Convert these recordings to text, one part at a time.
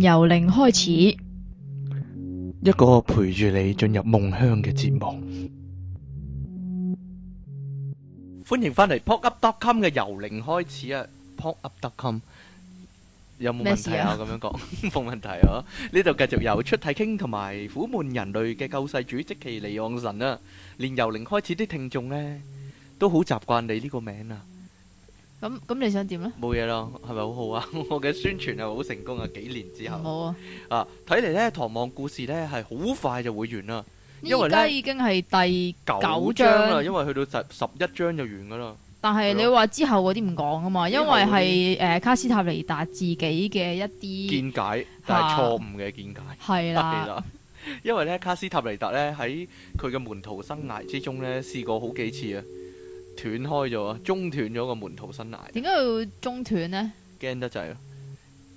由零開始，一個陪住你進入夢鄉嘅節目。歡迎翻嚟 pokup dot com 嘅由零開始啊，pokup dot com 有冇問題啊？咁樣講冇問題啊？呢度繼續由出體傾，同埋苦悶人類嘅救世主即其尼昂神啦。連由零開始啲聽眾呢都好習慣你呢個名啊。咁咁你想點咧？冇嘢咯，係咪好好啊？ 我嘅宣傳係好成功啊！幾年之後，冇啊！啊，睇嚟咧，唐望故事咧係好快就會完啦、啊。而家現在 已經係第九章啦，因為去到十十一章就完噶、啊、啦。但係你話了之後嗰啲唔講啊嘛，因為係誒、呃、卡斯塔尼達自己嘅一啲見解，但係錯誤嘅見解。係、啊、啦， 因為咧卡斯塔尼達咧喺佢嘅門徒生涯之中咧試過好幾次啊。斷開咗啊，中斷咗個門徒生涯。點解要中斷呢？驚得滯咯，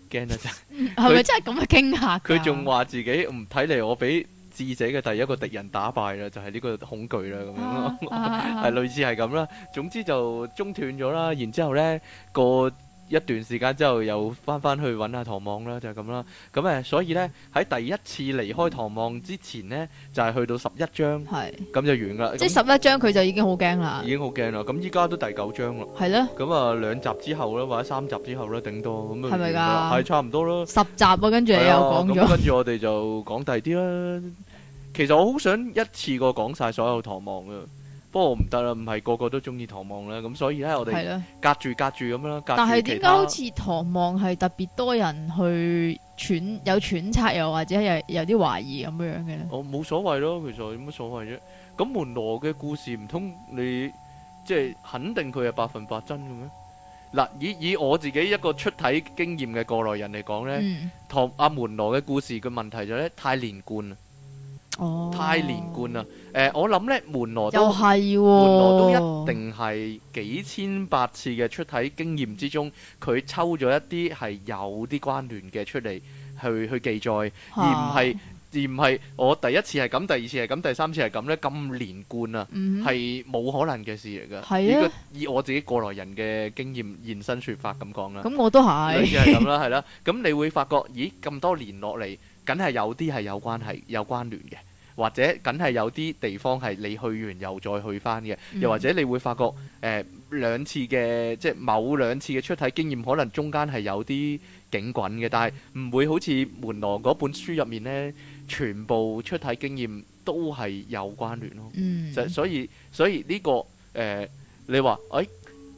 驚得滯。係咪 他真係咁嘅驚嚇？佢仲話自己唔睇嚟，我俾智者嘅第一個敵人打敗啦，就係、是、呢個恐懼啦，咁樣咯，係、啊、 類似係咁啦。總之就中斷咗啦，然之後咧、那個。一段時間之後又翻翻去揾下唐望啦，就係咁啦。咁、嗯、誒，所以呢，喺第一次離開唐望之前呢，就係、是、去到十一章，係咁是就完啦。即係十一章佢就已經好驚啦，已經好驚啦。咁依家都第九章咯，係咯的。咁啊兩集之後啦，或者三集之後啦，頂多咁啊，係咪㗎？係差唔多咯。十集啊，跟住你又講咗。跟住、嗯、我哋就講第啲啦。 其實我好想一次過講晒所有唐望啊。不過唔得啦，唔係個個都中意唐望啦，咁所以咧我哋隔住隔住咁樣啦。但係點解好似唐望係特別多人去揣有揣測又或者有有啲懷疑咁樣嘅咧？哦，冇所謂咯，其實有乜所謂啫？咁門羅嘅故事唔通你即係肯定佢係百分百真嘅咩？嗱，以以我自己一個出體經驗嘅過來人嚟講咧，唐阿門羅嘅故事嘅問題就咧太連貫啦。呃、哦，太連貫啦！誒，我諗咧門羅都門羅都一定係幾千百次嘅出體經驗之中，佢抽咗一啲係有啲關聯嘅出嚟去去記載，而唔係、啊、而唔係我第一次係咁，第二次係咁，第三次係咁咧，咁連貫、嗯、哼啊，係冇可能嘅事嚟噶。係啊，以我自己過來人嘅經驗現身說法咁講啦。咁我都係，只係咁啦，係、就、啦、係。咁你會發覺，咦，咁多年落嚟。梗係有啲係有關係、有關聯嘅，或者梗係有啲地方係你去完又再去翻嘅，嗯、又或者你會發覺誒、呃、兩次嘅即係某兩次嘅出體經驗，可能中間係有啲警滾嘅，但係唔會好似門羅嗰本書入面呢，全部出體經驗都係有關聯咯。嗯，所以所以呢、呢個誒、呃，你話誒？哎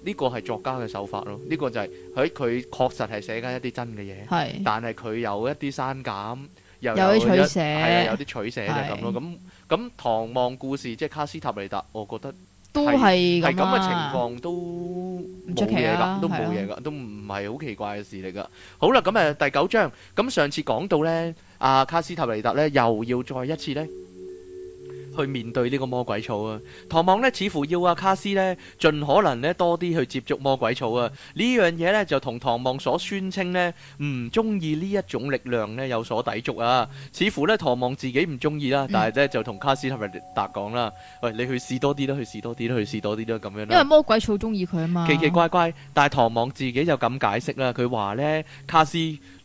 呢個係作家嘅手法咯，呢個就係喺佢確實係寫緊一啲真嘅嘢，是但係佢有一啲刪減，又有有啲取捨、啊，有啲取捨就係咁咯。咁咁是《唐望故事》即、就、係、是、卡斯塔尼達，我覺得都係係咁嘅情況，都冇嘢噶，都冇嘢噶，都唔係好奇怪嘅、啊、事嚟噶、啊。好啦，咁誒第九章，咁上次講到咧，阿、啊、卡斯塔尼達咧又要再一次咧。去面對呢個魔鬼草啊！唐望呢，似乎要阿、啊、卡斯呢，盡可能呢，多啲去接觸魔鬼草啊！呢樣嘢呢，就同唐望所宣稱呢，唔中意呢一種力量呢，有所抵觸啊！似乎呢，唐望自己唔中意啦，但係呢，嗯、就同卡斯特瑞達講啦：喂，你去試多啲啦，去試多啲啦，去試多啲啦，咁樣啦。因為魔鬼草中意佢啊嘛。奇奇怪怪，但係唐望自己就咁解釋啦。佢話呢，卡斯。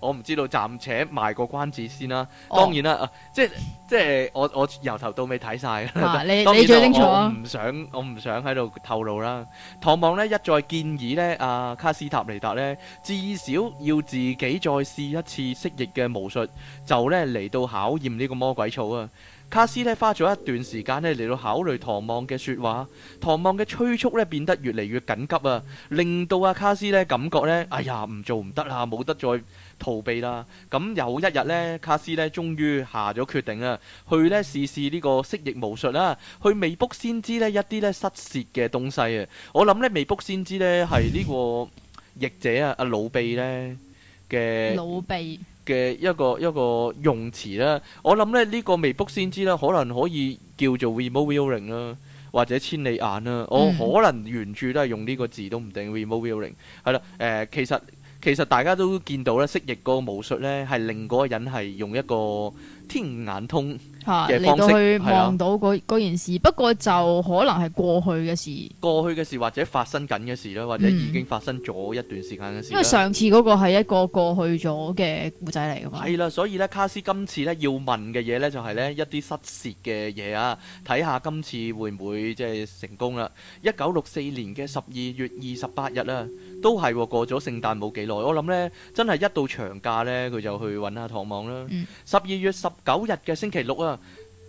我唔知道，暫且賣個關子先啦。當然啦，哦啊、即係即係、呃、我我由頭到尾睇晒。啊、啦。你你最清楚、啊、我唔想我唔想喺度透露啦。唐望呢，一再建議呢，阿、啊、卡斯塔尼達呢，至少要自己再試一次蜥蜴嘅巫術，就呢嚟到考驗呢個魔鬼草啊。卡斯呢，花咗一段時間呢嚟到考慮唐望嘅説話，唐望嘅催促呢，變得越嚟越緊急啊，令到阿、啊、卡斯呢感覺呢，哎呀唔做唔得啊，冇得再～逃避啦，咁有一日咧，卡斯咧，終於下咗決定啊，去咧試試呢試試個蜥蜴巫術啦。去未卜先知呢，一啲咧失竊嘅東西啊。我諗咧，未卜先知咧，係呢個譯者啊，啊老婢咧嘅老婢輩嘅一個一個用詞啦。我諗咧，呢、這個未卜先知啦，可能可以叫做 remote viewing 啦、啊，或者千里眼啦、啊。嗯、我可能原著都係用呢個字都唔定，remote viewing 係啦。誒、呃，其實。其實大家都見到咧，蜥蜴嗰個巫術咧，係令嗰個人係用一個天眼通嘅方式，係望、啊、到嗰件事。的不過就可能係過去嘅事，過去嘅事或者發生緊嘅事啦，或者已經發生咗一段時間嘅事、嗯。因為上次嗰個係一個過去咗嘅故仔嚟噶嘛。係啦、嗯，所以咧，卡斯今次咧要問嘅嘢咧，就係、是、咧一啲失竊嘅嘢啊，睇下今次會唔會即係成功啦？一九六四年嘅十二月二十八日啊！都係喎、啊，過咗聖誕冇幾耐，我諗呢真係一到長假呢，佢就去揾下唐望啦。十二月十九日嘅星期六啊，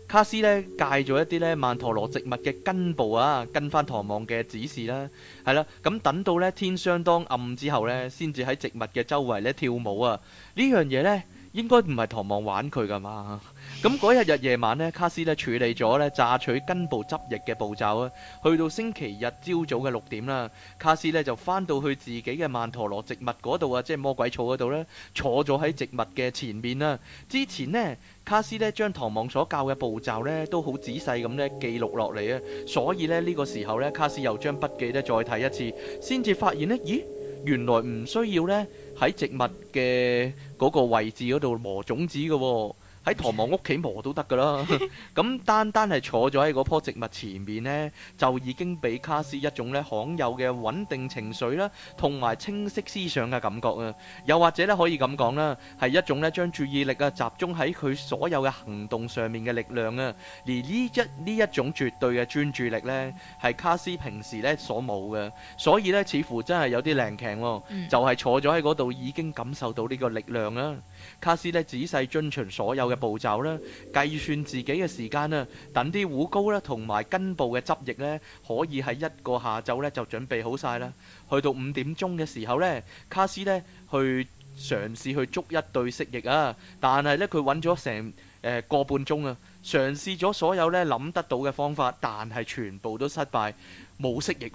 卡斯呢戒咗一啲呢曼陀羅植物嘅根部啊，跟翻唐望嘅指示啦，係啦、啊，咁等到呢天相當暗之後呢，先至喺植物嘅周圍呢跳舞啊！呢樣嘢呢，應該唔係唐望玩佢㗎嘛。咁嗰一日夜晚呢，卡斯呢處理咗呢，榨取根部汁液嘅步驟啊。去到星期日朝早嘅六點啦，卡斯呢就翻到去自己嘅曼陀羅植物嗰度啊，即係魔鬼草嗰度呢，坐咗喺植物嘅前面啦。之前呢，卡斯呢將唐望所教嘅步驟呢都好仔細咁呢記錄落嚟啊。所以呢，呢個時候呢，卡斯又將筆記呢再睇一次，先至發現呢，咦，原來唔需要呢，喺植物嘅嗰個位置嗰度磨種子嘅喎。喺 唐望屋企磨都得㗎啦，咁 單單係坐咗喺嗰棵植物前面呢，就已經俾卡斯一種咧罕有嘅穩定情緒啦，同埋清晰思想嘅感覺啊。又或者咧可以咁講啦，係一種咧將注意力啊集中喺佢所有嘅行動上面嘅力量啊。而呢一呢一種絕對嘅專注力呢，係卡斯平時呢所冇嘅，所以呢，似乎真係有啲靈氣喎，就係、是、坐咗喺嗰度已經感受到呢個力量啦、啊。嗯。卡斯呢，仔細遵循所有嘅步驟啦，計算自己嘅時間啦，等啲糊膏啦同埋根部嘅汁液呢，可以喺一個下晝呢就準備好晒啦。去到五點鐘嘅時候呢，卡斯呢去嘗試去捉一對蜥蜴啊，但係呢，佢揾咗成誒個半鐘啊，嘗試咗所有呢諗得到嘅方法，但係全部都失敗，冇蜥蜴。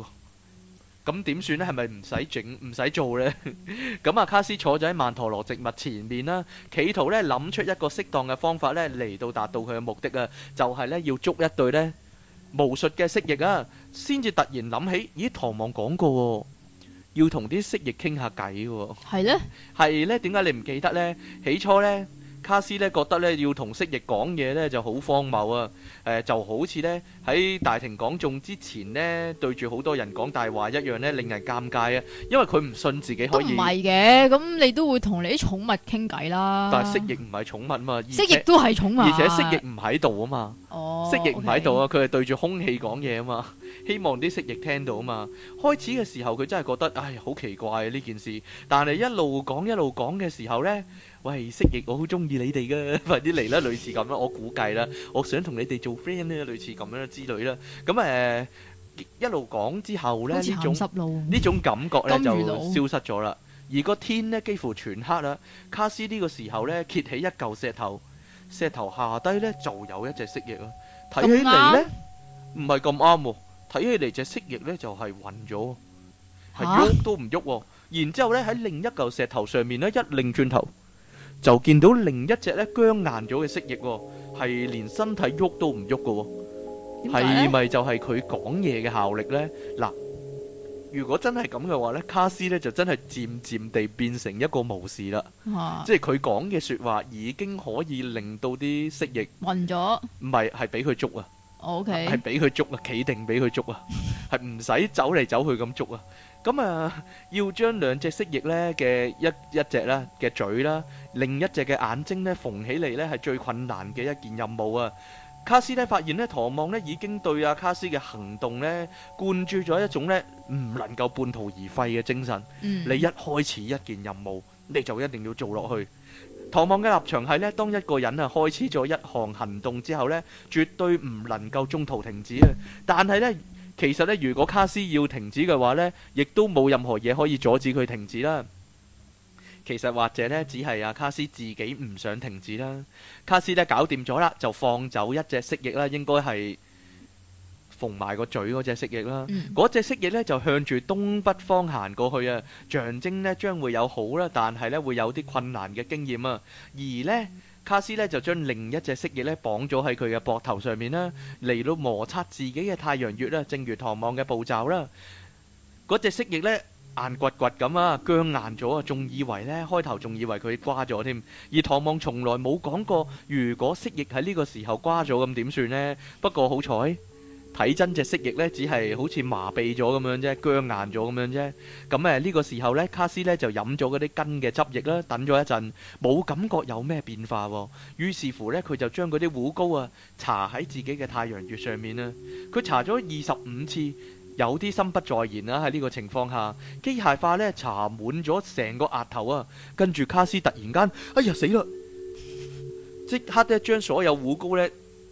咁點、嗯、算呢？係咪唔使整唔使做呢？咁 啊、嗯，卡斯坐咗喺曼陀羅植物前面啦、啊，企圖呢諗出一個適當嘅方法呢嚟到達到佢嘅目的啊！就係、是、呢，要捉一對呢巫術嘅蜥蜴啊，先至突然諗起，咦？唐望講過喎、哦，要同啲蜥蜴傾下偈喎。係咧呢，係呢，點解你唔記得呢？起初呢。卡斯咧覺得咧要同蜥蜴講嘢咧就好荒謬啊！誒、呃、就好似咧喺大庭廣眾之前咧對住好多人講大話一樣咧，令人尷尬啊！因為佢唔信自己可以唔係嘅，咁你都會同你啲寵物傾偈啦。但係蜥蜴唔係寵物嘛，蜥蜴都係寵物，而且蜥蜴唔喺度啊嘛。蜥蜴唔喺度啊，佢係 Okay. 對住空氣講嘢啊嘛，希望啲蜥蜴聽到啊嘛。開始嘅時候佢真係覺得，唉，好奇怪啊呢件事。但係一路講一路講嘅時候呢，喂，蜥蜴，我好中意你哋㗎， 快啲嚟啦，類似咁啦，我估計啦，我想同你哋做 friend 呢，類似咁樣之類啦。咁誒、呃，一路講之後咧，呢種呢種感覺呢就消失咗啦。而個天呢，幾乎全黑啦。卡斯呢個時候呢，揭起一嚿石頭。石頭下低呢就有一隻蜥蜴啊，睇起嚟呢唔係咁啱喎，睇起嚟隻蜥蜴呢就係暈咗，係喐都唔喐。然之後呢喺另一嚿石頭上面呢一擰轉頭，就見到另一隻呢僵硬咗嘅蜥蜴，係連身體喐都唔喐噶，係咪就係佢講嘢嘅效力呢？嗱。如果真係咁嘅話呢，卡斯呢就真係漸漸地變成一個巫士啦。啊、即係佢講嘅説話已經可以令到啲蜥蜴暈咗了。唔係，係俾佢捉啊。O K，係俾佢捉啊，企定俾佢捉啊，係唔使走嚟走去咁捉啊。咁啊，要將兩隻蜥蜴呢嘅一一隻啦嘅嘴啦，另一隻嘅眼睛呢，縫起嚟呢係最困難嘅一件任務啊。卡斯咧發現咧，唐望咧已經對阿卡斯嘅行動咧灌注咗一種咧唔能夠半途而廢嘅精神。嗯、你一開始一件任務，你就一定要做落去。唐望嘅立場係咧，當一個人啊開始咗一項行，行動之後咧，絕對唔能夠中途停止啊。但係咧，其實咧，如果卡斯要停止嘅話咧，亦都冇任何嘢可以阻止佢停止啦。其實或者咧，只係阿卡斯自己唔想停止啦。卡斯咧搞掂咗啦，就放走一隻蜥蜴啦。應該係縫埋個嘴嗰隻蜥蜴啦。嗰隻蜥蜴咧就向住東北方行過去啊，象徵咧將會有好啦，但係咧會有啲困難嘅經驗啊。而咧卡斯咧就將另一隻蜥蜴咧綁咗喺佢嘅膊頭上面啦，嚟到摩擦自己嘅太陽穴啦，正如唐望嘅步驟啦。嗰隻蜥蜴咧。硬掘掘咁啊，僵硬咗啊，仲以為呢開頭仲以為佢瓜咗添，而唐望從來冇講過，如果蜥蜴喺呢個時候瓜咗咁點算呢？不過好彩睇真隻蜥蜴呢，只係好似麻痹咗咁樣啫，僵硬咗咁樣啫。咁誒呢個時候呢，卡斯呢就飲咗嗰啲根嘅汁液啦，等咗一陣，冇感覺有咩變化。於是乎呢，佢就將嗰啲糊膏啊搽喺自己嘅太陽穴上面啦。佢搽咗二十五次。有啲心不在焉啦、啊，喺呢個情況下，機械化咧搽滿咗成個額頭啊，跟住卡斯突然間，哎呀死啦！即刻咧將所有護膏咧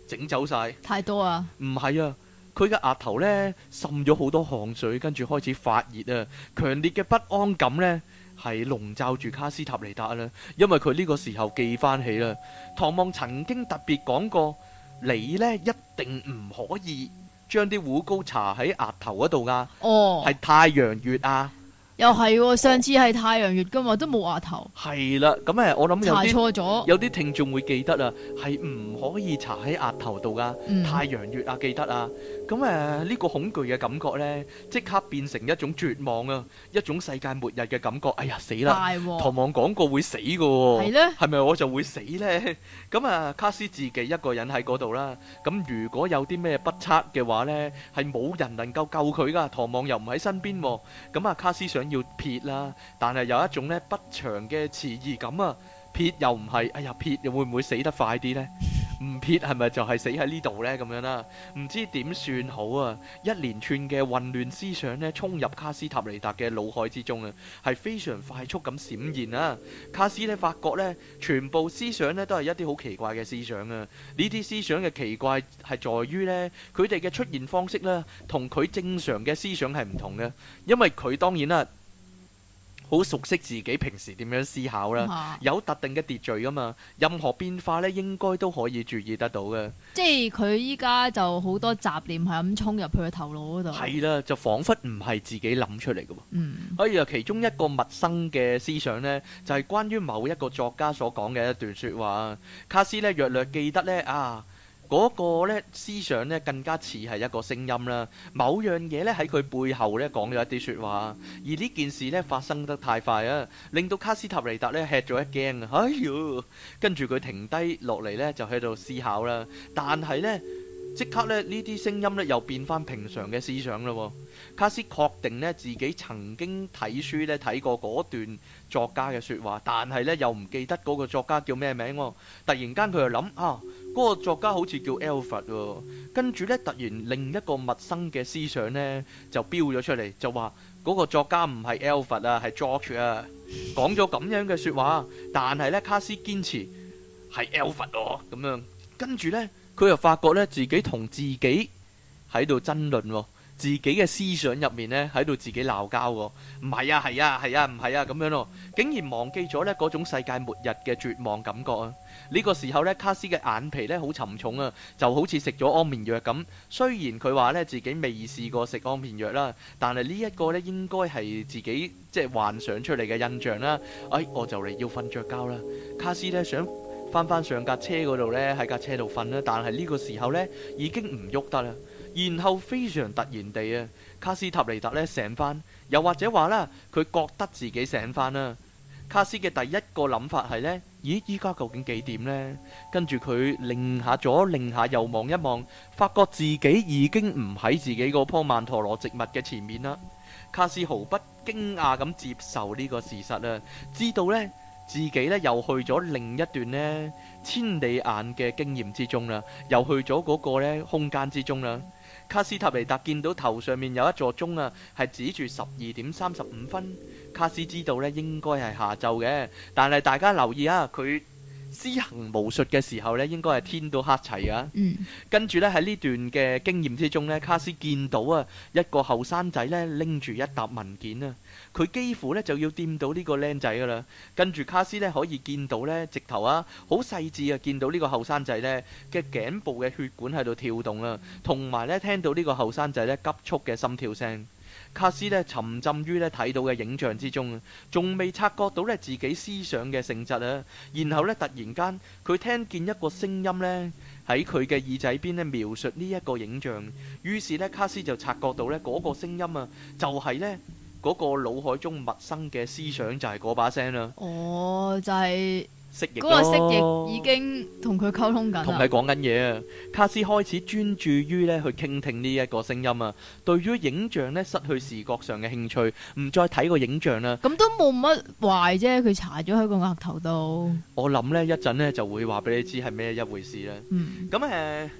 整走晒。太多啊！唔係啊，佢嘅額頭咧滲咗好多汗水，跟住開始發熱啊！強烈嘅不安感呢係籠罩住卡斯塔尼達啦，因為佢呢個時候記翻起啦，唐望曾經特別講過，你呢，一定唔可以。將啲糊膏搽喺額頭嗰度噶，係、哦、太陽穴啊！嗯、又係、哦，上次係太陽穴噶嘛，都冇額頭。係啦，咁誒，我諗又錯咗。有啲聽眾會記得啦，係唔可以搽喺額頭度噶，嗯、太陽穴啊，記得啊！咁誒呢個恐懼嘅感覺咧，即刻變成一種絕望啊，一種世界末日嘅感覺。哎呀死啦！大禍！唐望講過會死噶喎，係咧，係咪我就會死咧？咁啊，卡斯自己一個人喺嗰度啦。咁如果有啲咩不測嘅話咧，係冇人能夠救佢噶。唐望又唔喺身邊喎。咁啊，卡斯想要撇啦，但係有一種咧不祥嘅遲疑感啊，撇又唔係，哎呀撇又會唔會死得快啲咧？唔撇係咪就係死喺呢度呢？咁樣啦、啊，唔知點算好啊！一連串嘅混亂思想呢，衝入卡斯塔尼達嘅腦海之中啊，係非常快速咁閃現啊。卡斯呢發覺呢，全部思想呢都係一啲好奇怪嘅思想啊！呢啲思想嘅奇怪係在於呢，佢哋嘅出現方式呢，同佢正常嘅思想係唔同嘅，因為佢當然啦、啊。好熟悉自己平時點樣思考啦，嗯、有特定嘅秩序噶嘛，任何變化咧，應該都可以注意得到嘅。即係佢依家就好多雜念係咁衝入佢嘅頭腦嗰度，係啦，就彷彿唔係自己諗出嚟嘅。嗯，可以話其中一個陌生嘅思想咧，就係、是、關於某一個作家所講嘅一段説話。卡斯咧，若略記得咧啊。嗰個咧思想咧更加似係一個聲音啦，某樣嘢咧喺佢背後咧講咗一啲説話，而呢件事咧發生得太快啊，令到卡斯塔尼達咧吃咗一驚啊！哎呦，跟住佢停低落嚟咧就喺度思考啦。但係咧即刻咧呢啲聲音咧又變翻平常嘅思想啦。卡斯確定咧自己曾經睇書咧睇過嗰段作家嘅説話，但係咧又唔記得嗰個作家叫咩名。突然間佢就諗啊～嗰個作家好似叫 Alfred 喎，跟住呢，突然另一個陌生嘅思想呢就標咗出嚟，就話嗰個作家唔係 Alfred 啊，係 George 啊，講咗咁樣嘅説話，但係呢卡斯堅持係 Alfred 喎，咁樣跟住呢，佢又發覺呢，自己同自己喺度爭論，哦。自己嘅思想入面呢，喺度自己鬧交喎，唔係啊，係啊，係啊，唔係啊咁樣咯，竟然忘記咗呢嗰種世界末日嘅絕望感覺啊！呢個時候呢，卡斯嘅眼皮呢好沉重啊，就好似食咗安眠藥咁。雖然佢話呢自己未試過食安眠藥啦，但係呢一個呢應該係自己即係幻想出嚟嘅印象啦。哎，我就嚟要瞓着覺啦，卡斯呢想翻翻上架車嗰度呢，喺架車度瞓啦，但係呢個時候呢已經唔喐得啦。然後非常突然地啊，卡斯塔尼達咧醒翻，又或者話啦，佢覺得自己醒翻啦。卡斯嘅第一個諗法係咧，咦，依家究竟幾點咧？跟住佢擰下左，擰下右望一望，發覺自己已經唔喺自己嗰棵曼陀羅植物嘅前面啦。卡斯毫不驚訝咁接受呢個事實啦，知道咧自己咧又去咗另一段咧千里眼嘅經驗之中啦，又去咗嗰個咧空間之中啦。卡斯塔尼達見到頭上面有一座鐘啊，係指住十二點三十五分。卡斯知道呢應該係下晝嘅，但係大家留意啊，佢施行巫術嘅時候呢應該係天都黑齊啊。嗯，跟住呢喺呢段嘅經驗之中呢，卡斯見到啊一個後生仔呢拎住一沓文件啊。佢幾乎咧就要掂到呢個僆仔噶啦，跟住卡斯咧可以見到咧，直頭啊，好細緻啊，見到呢個後生仔咧嘅頸部嘅血管喺度跳動啊，同埋咧聽到呢個後生仔咧急速嘅心跳聲。卡斯咧沉浸於咧睇到嘅影像之中，仲未察覺到咧自己思想嘅性質啊。然後咧突然間佢聽見一個聲音咧喺佢嘅耳仔邊咧描述呢一個影像，於是咧卡斯就察覺到咧嗰個聲音啊，就係咧。嗰個腦海中陌生嘅思想就係嗰把聲啦、啊。哦、oh，就是，就係蜥蜴咯。嗰個蜥蜴已經同佢溝通緊，同佢講緊嘢啊。卡斯開始專注於咧去傾聽呢一個聲音啊。對於影像咧，失去視覺上嘅興趣，唔再睇個影像啦。咁都冇乜壞啫。佢搽咗喺個額頭度。我諗咧一陣咧就會話俾你知係咩一回事咧。嗯、mm.。咁、呃、誒。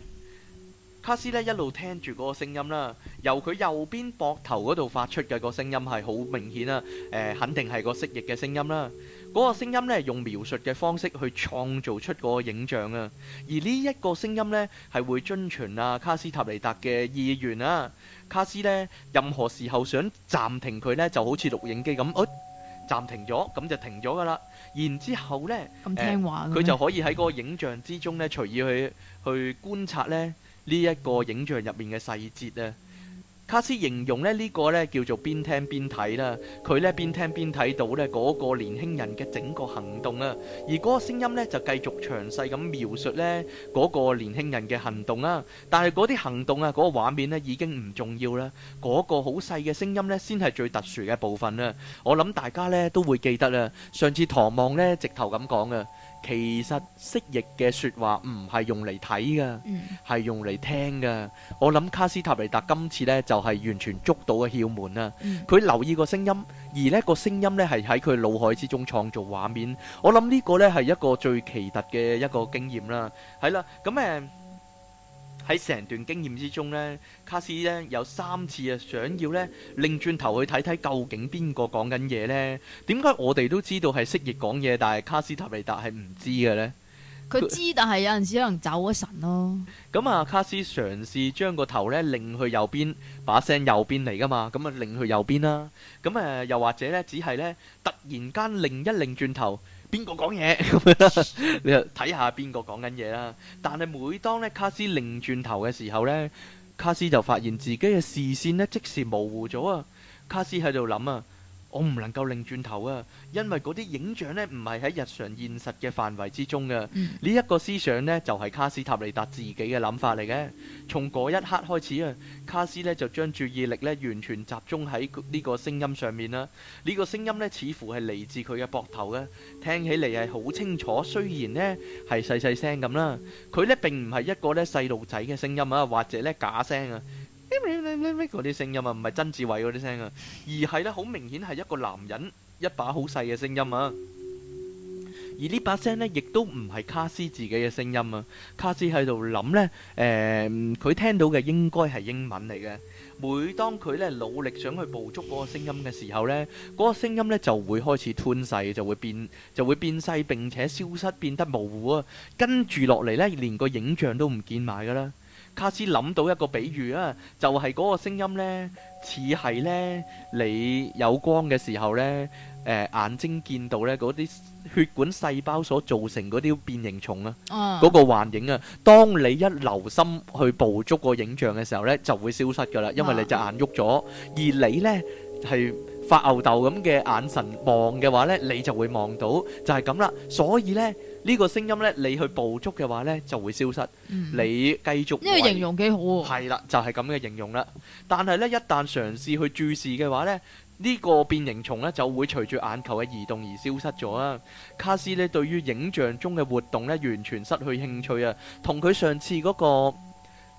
卡斯咧一路聽住嗰個聲音啦，由佢右邊膊頭嗰度發出嘅個聲音係好明顯啊！誒、呃，肯定係個蜥蜴嘅聲音啦。嗰、那個聲音咧用描述嘅方式去創造出個影像啊。而呢一個聲音咧係會遵循啊卡斯塔尼達嘅意願啊。卡斯咧任何時候想暫停佢咧就好似錄影機咁，暫、哎、停咗咁就停咗噶啦。然之後咧，咁聽話，佢、呃、就可以喺嗰個影像之中咧隨意去去觀察咧。呢一個影像入面嘅細節咧，卡斯形容咧呢個咧叫做邊聽邊睇啦，佢咧邊聽邊睇到咧嗰個年輕人嘅整個行動啊，而嗰個聲音咧就繼續詳細咁描述咧嗰個年輕人嘅行動啦。但係嗰啲行動啊，嗰個畫面咧已經唔重要啦，嗰個好細嘅聲音咧先係最特殊嘅部分啦。我諗大家咧都會記得啦，上次唐望咧直頭咁講啊。其實蜥蜴嘅說話唔係用嚟睇㗎，係、嗯、用嚟聽㗎。我諗卡斯塔尼達今次呢就係、是、完全捉到嘅竅門啦。佢、嗯、留意個聲音，而呢個聲音呢係喺佢腦海之中創造畫面。我諗呢個呢係一個最奇特嘅一個經驗啦。係、嗯、啦，咁誒。喺成段經驗之中呢，卡斯呢有三次啊想要呢，擰轉頭去睇睇究竟邊個講緊嘢呢？點解我哋都知道係蜥蜴講嘢，但係卡斯塔利達係唔知嘅呢？佢知、啊，但係有陣時可能走咗神咯。咁啊，卡斯嘗試將個頭呢，擰去右邊，把聲右邊嚟㗎嘛？咁啊，擰去右邊啦。咁誒、啊，又或者呢，只係呢突然間擰一擰轉頭。邊個講嘢？咁樣你睇下邊個講緊嘢啦。但係每當咧卡斯擰轉頭嘅時候咧，卡斯就發現自己嘅視線咧即時模糊咗啊！卡斯喺度諗啊。我唔能夠擰轉頭啊，因為嗰啲影像呢唔係喺日常現實嘅範圍之中嘅。呢一、嗯、個思想呢，就係、是、卡斯塔尼達自己嘅諗法嚟嘅。從嗰一刻開始啊，卡斯呢就將注意力呢完全集中喺呢個聲音上面啦。呢、這個聲音呢，似乎係嚟自佢嘅膊頭嘅，聽起嚟係好清楚，雖然呢係細細聲咁啦。佢呢並唔係一個呢細路仔嘅聲音啊，或者呢假聲啊。嗰啲聲音啊，唔係曾志偉嗰啲聲啊，而係咧好明顯係一個男人一把好細嘅聲音啊。而呢把聲咧，亦都唔係卡斯自己嘅聲音啊。卡斯喺度諗咧，誒，佢聽到嘅應該係英文嚟嘅。每當佢咧努力想去捕捉嗰個聲音嘅時候咧，嗰個聲音咧就會開始吞噬，就會變，就會變細，並且消失，變得模糊啊。跟住落嚟咧，連個影像都唔見埋噶啦。卡斯諗到一個比喻啊，就係嗰個聲音咧，似係咧你有光嘅時候咧，誒，眼睛見到咧嗰啲血管細胞所造成嗰啲變形蟲啊，嗰個幻影啊，當你一留心去捕捉個影像嘅時候咧，就會消失噶啦，因為你隻眼喐咗，而你咧係發吽豆咁嘅眼神望嘅話咧，你就會望到，就係咁啦，所以咧。個聲呢個聲音咧，你去捕捉嘅話咧，就會消失。嗯、你繼續呢個形容幾好喎，哦。係啦，就係咁嘅形容啦。但係咧，一旦嘗試去注視嘅話咧，呢、這個變形蟲咧就會隨住眼球嘅移動而消失咗啊！卡斯咧對於影像中嘅活動咧完全失去興趣啊，同佢上次嗰、那個。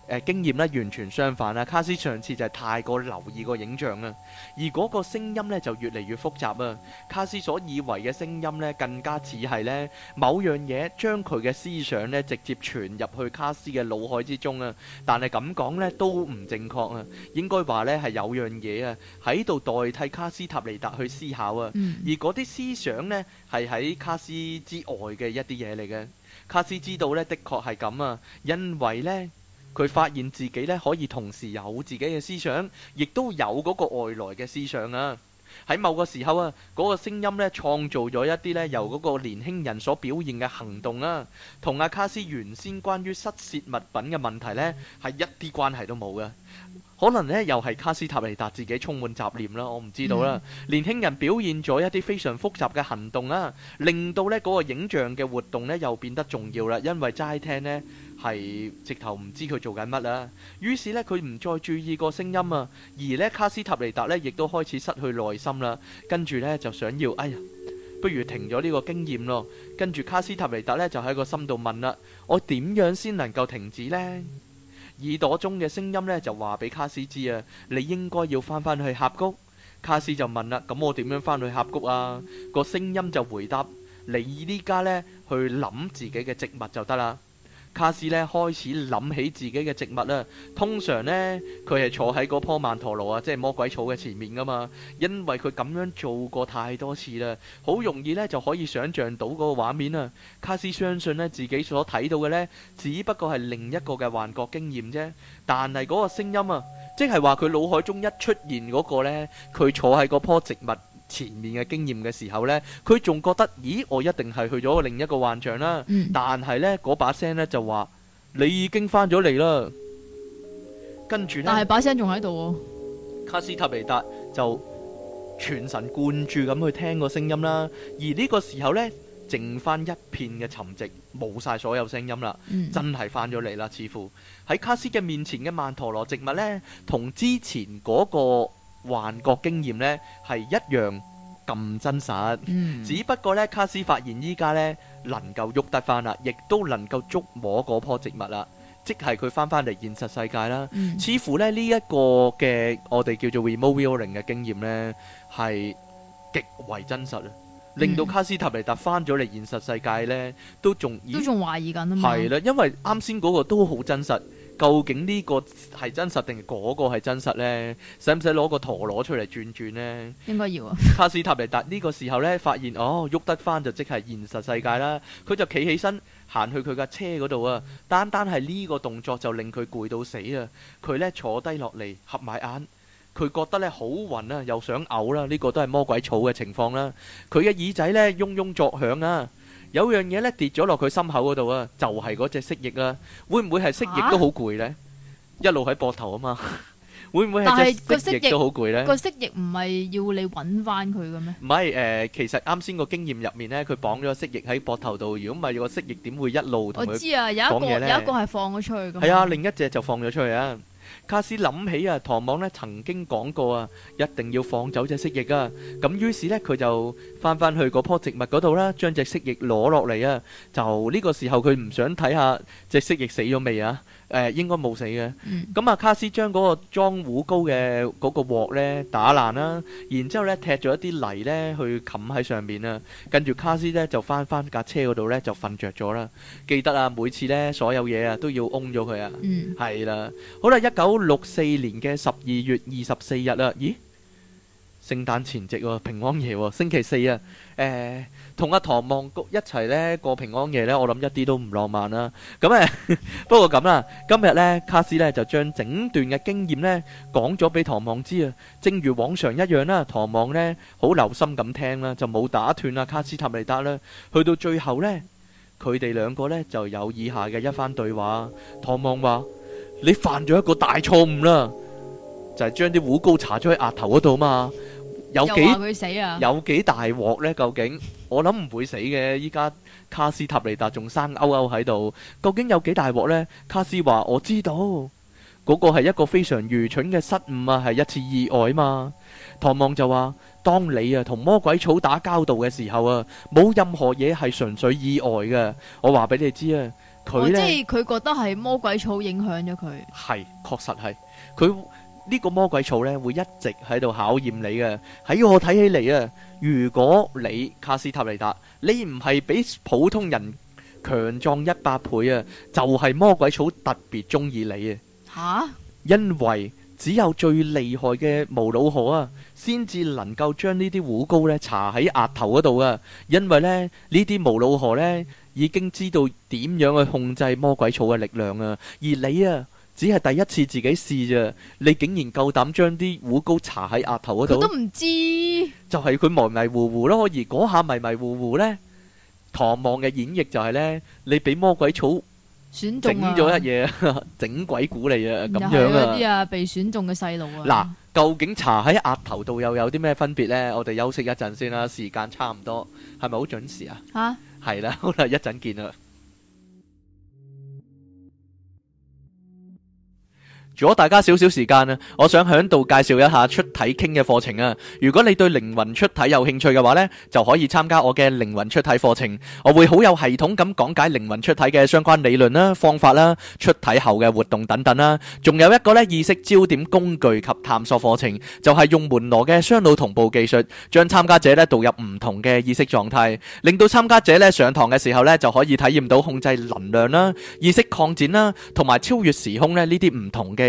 誒、呃、經驗咧，完全相反啦、啊。卡斯上次就係太過留意個影像啊，而嗰個聲音咧就越嚟越複雜啊。卡斯所以為嘅聲音咧，更加似係咧某樣嘢將佢嘅思想咧直接傳入去卡斯嘅腦海之中啊。但係咁講咧都唔正確啊，應該話咧係有樣嘢啊喺度代替卡斯塔尼達去思考啊。嗯、而嗰啲思想咧係喺卡斯之外嘅一啲嘢嚟嘅。卡斯知道咧，的確係咁啊，因為咧。佢發現自己咧可以同時有自己嘅思想，亦都有嗰個外來嘅思想啊！喺某個時候啊，嗰個聲音咧創造咗一啲咧由嗰個年輕人所表現嘅行動啊，同阿卡斯原先關於失竊物品嘅問題咧係一啲關係都冇嘅，可能咧又係卡斯塔尼達自己充滿雜念啦，我唔知道啦。年輕人表現咗一啲非常複雜嘅行動啊，令到咧嗰個影像嘅活動咧又變得重要啦，因為齋聽咧。係直頭唔知佢做緊乜啦。於是咧，佢唔再注意個聲音啊。而咧，卡斯塔尼達咧亦都開始失去耐心啦。跟住咧就想要哎呀，不如停咗呢個經驗咯。跟住卡斯塔尼達咧就喺個心度問啦：我點樣先能夠停止咧？耳朵中嘅聲音咧就話俾卡斯知啊，你應該要返返去峽谷。卡斯就問啦：咁我點樣返去峽谷啊？個聲音就回答：你依家咧去諗自己嘅植物就得啦。卡斯咧開始諗起自己嘅植物啦。通常呢，佢係坐喺嗰棵曼陀羅啊，即係魔鬼草嘅前面噶嘛。因為佢咁樣做過太多次啦，好容易呢就可以想象到嗰個畫面啊。卡斯相信呢，自己所睇到嘅呢，只不過係另一個嘅幻覺經驗啫。但係嗰個聲音啊，即係話佢腦海中一出現嗰個呢，佢坐喺嗰棵植物前面嘅經驗嘅時候呢，佢仲覺得，咦，我一定係去咗另一個幻象啦。嗯、但係呢，嗰把聲呢，就話：你已經翻咗嚟啦。跟住呢，但係把聲仲喺度。卡斯塔尼達就全神貫注咁去聽個聲音啦。而呢個時候呢，剩翻一片嘅沉寂，冇晒所有聲音啦。嗯、真係翻咗嚟啦，似乎。喺卡斯嘅面前嘅曼陀羅植物呢，同之前嗰、嗰個。幻覺經驗咧，係一樣咁真實，嗯、只不過咧，卡斯發現依家咧，能夠喐得翻啦，亦都能夠捉摸嗰棵植物啦，即係佢翻翻嚟現實世界啦。嗯、似乎咧，呢一、這個嘅我哋叫做 removing 嘅經驗咧，係極為真實啊，令到卡斯塔尼達翻咗嚟現實世界咧，都仲都懷疑緊係啦，嗯、因為啱先嗰個都好真實。究竟呢個係真實定嗰個係真實呢？使唔使攞個陀螺出嚟轉轉呢？應該要啊！卡斯塔尼達呢個時候呢，發現哦喐得翻就即係現實世界啦。佢就企起身行去佢架車嗰度啊！單單係呢個動作就令佢攰到死啊！佢呢坐低落嚟合埋眼，佢覺得呢好暈啊，又想嘔啦、啊！呢個都係魔鬼草嘅情況啦。佢嘅耳仔呢，嗡嗡作響啊！有樣嘢咧跌咗落佢心口嗰度，就是，啊，就係嗰隻蜥蜴啦。會唔會係蜥蜴都好攰咧？啊、一路喺膊頭啊嘛。 會唔會係只是蜥，蜴蜥蜴都好攰咧？蜥呃、蜥個蜥蜴唔係要你揾翻佢嘅咩？唔係誒，其實啱先個經驗入面咧，佢綁咗蜥蜴喺膊頭度。如果唔係個蜥蜴點會一路同佢講嘢咧？我知啊，有一個咧、有一個係放咗出去㗎。係啊，另一隻就放咗出去啊。卡斯諗起啊，唐望咧曾經講過啊，一定要放走隻蜥蜴啊。咁於是咧，佢就翻翻去嗰棵植物嗰度啦，將隻蜥蜴攞落嚟啊。就呢個時候，佢唔想睇下隻蜥蜴死咗未啊。誒、呃、應該冇死嘅。咁啊、嗯、卡斯將嗰個裝糊膏嘅嗰個鑊咧打爛啦，然之後咧踢咗一啲泥咧去冚喺上面啦，跟住卡斯咧就翻翻架車嗰度咧就瞓着咗啦。記得啊，每次咧所有嘢啊都要嗡咗佢啊，係啦、嗯。好啦，一九六四年嘅十二月二十四日啦，咦？聖誕前夕喎，平安夜喎，星期四啊，誒，同阿唐望谷一齊咧過平安夜咧，我諗一啲都唔浪漫啦。咁誒，不過咁啦，今日咧，卡斯咧就將整段嘅經驗咧講咗俾唐望知啊。正如往常一樣啦，唐望咧好留心咁聽啦，就冇打斷啊卡斯塔利達啦。去到最後咧，佢哋兩個咧就有以下嘅一番對話。唐望話：你犯咗一個大錯誤啦，就係將啲糊膏搽咗喺額頭嗰度嘛。有幾大鑊呢？究竟我諗唔會死嘅。依家卡斯塔尼達仲生勾勾喺度。究竟有幾大鑊呢？卡斯話我知道，嗰個係一個非常愚蠢嘅失誤啊，係一次意外啊嘛。唐望就話：當你啊同魔鬼草打交道嘅時候啊，冇任何嘢係純粹意外嘅。我話俾你知啊，佢咧、哦，即係佢覺得係魔鬼草影響咗佢。係，確實係，佢。呢個魔鬼草咧會一直喺度考驗你嘅，喺我睇起嚟啊！如果你卡斯塔尼達，你唔係比普通人強壯一百倍啊，就係魔鬼草特別中意你啊！嚇哈，因為只有最厲害嘅無腦河啊，先至能夠將呢啲護膏咧搽喺額頭嗰度啊！因為咧呢啲無腦河咧已經知道點樣去控制魔鬼草嘅力量啊，而你啊～只係第一次自己試咋，你竟然夠膽將啲糊膏搽喺額頭嗰度？佢都唔知。就係佢迷迷糊糊咯，而嗰下迷迷糊糊咧，唐望嘅演繹就係、是、咧，你俾魔鬼草選中咗一嘢，整鬼古你啊咁樣啊！啲 啊，啊被選中嘅細路啊！嗱，究竟搽喺額頭度又有啲咩分別咧？我哋休息一陣先啦，時間差唔多，係咪好準時啊？嚇、啊，係啦，好啦，一陣見啦。如果大家少少時間啊，我想喺度介紹一下出體傾嘅課程啊。如果你對靈魂出體有興趣嘅話咧，就可以參加我嘅靈魂出體課程。我會好有系統咁講解靈魂出體嘅相關理論啦、方法啦、出體後嘅活動等等啦。仲有一個咧，意識焦點工具及探索課程，就係用門羅嘅雙腦同步技術，將參加者咧，導入唔同嘅意識狀態，令到參加者咧，上堂嘅時候咧，就可以體驗到控制能量啦、意識擴展啦，同埋超越時空咧呢啲唔同嘅。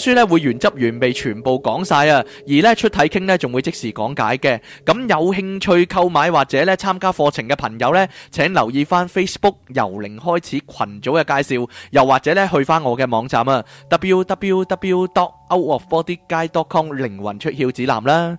書咧會原汁原味全部講晒啊，而咧出體傾咧仲會即時講解嘅。咁有興趣購買或者咧參加課程嘅朋友咧，請留意翻 Facebook 由零開始群組嘅介紹，又或者咧去翻我嘅網站啊，www.outofbodyguide.com 靈魂出竅指南啦。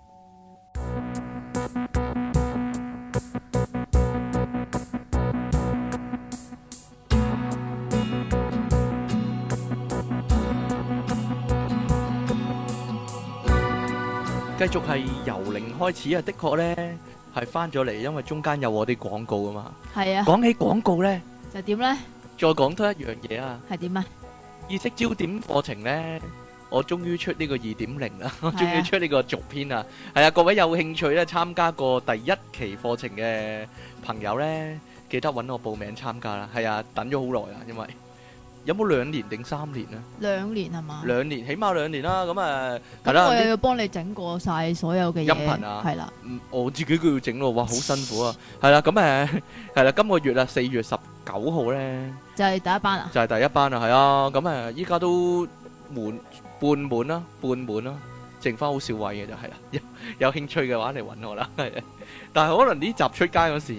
繼續係由零開始啊，的確咧係翻咗嚟，因為中間有我啲廣告啊嘛。係啊，講起廣告咧，就點咧？再講多一樣嘢啊。係點啊？意識焦點課程咧，我終於出呢個二點零啦，我終於出呢個續篇啦。係啊，各位有興趣咧參加過第一期課程嘅朋友咧，記得搵我報名參加啦。係啊，等咗好耐啦，因為。有冇兩年定三年咧？兩年係嘛？兩年，起碼兩年啦。咁啊，咁、嗯嗯嗯、我又要幫你整過晒所有嘅音頻啊，係啦了。我自己都要整咯，哇，好辛苦啊。係啦嘖，咁誒、嗯，係、嗯、啦、嗯，今個月啊，四月十九號咧，就係第一班啊，就係第一班啊，係啊。咁、嗯、誒，依、嗯、家都滿半滿啦，半滿啦。剩翻好少位嘅就係啦，有有興趣嘅話嚟搵我啦。係，但係可能呢集出街嗰時已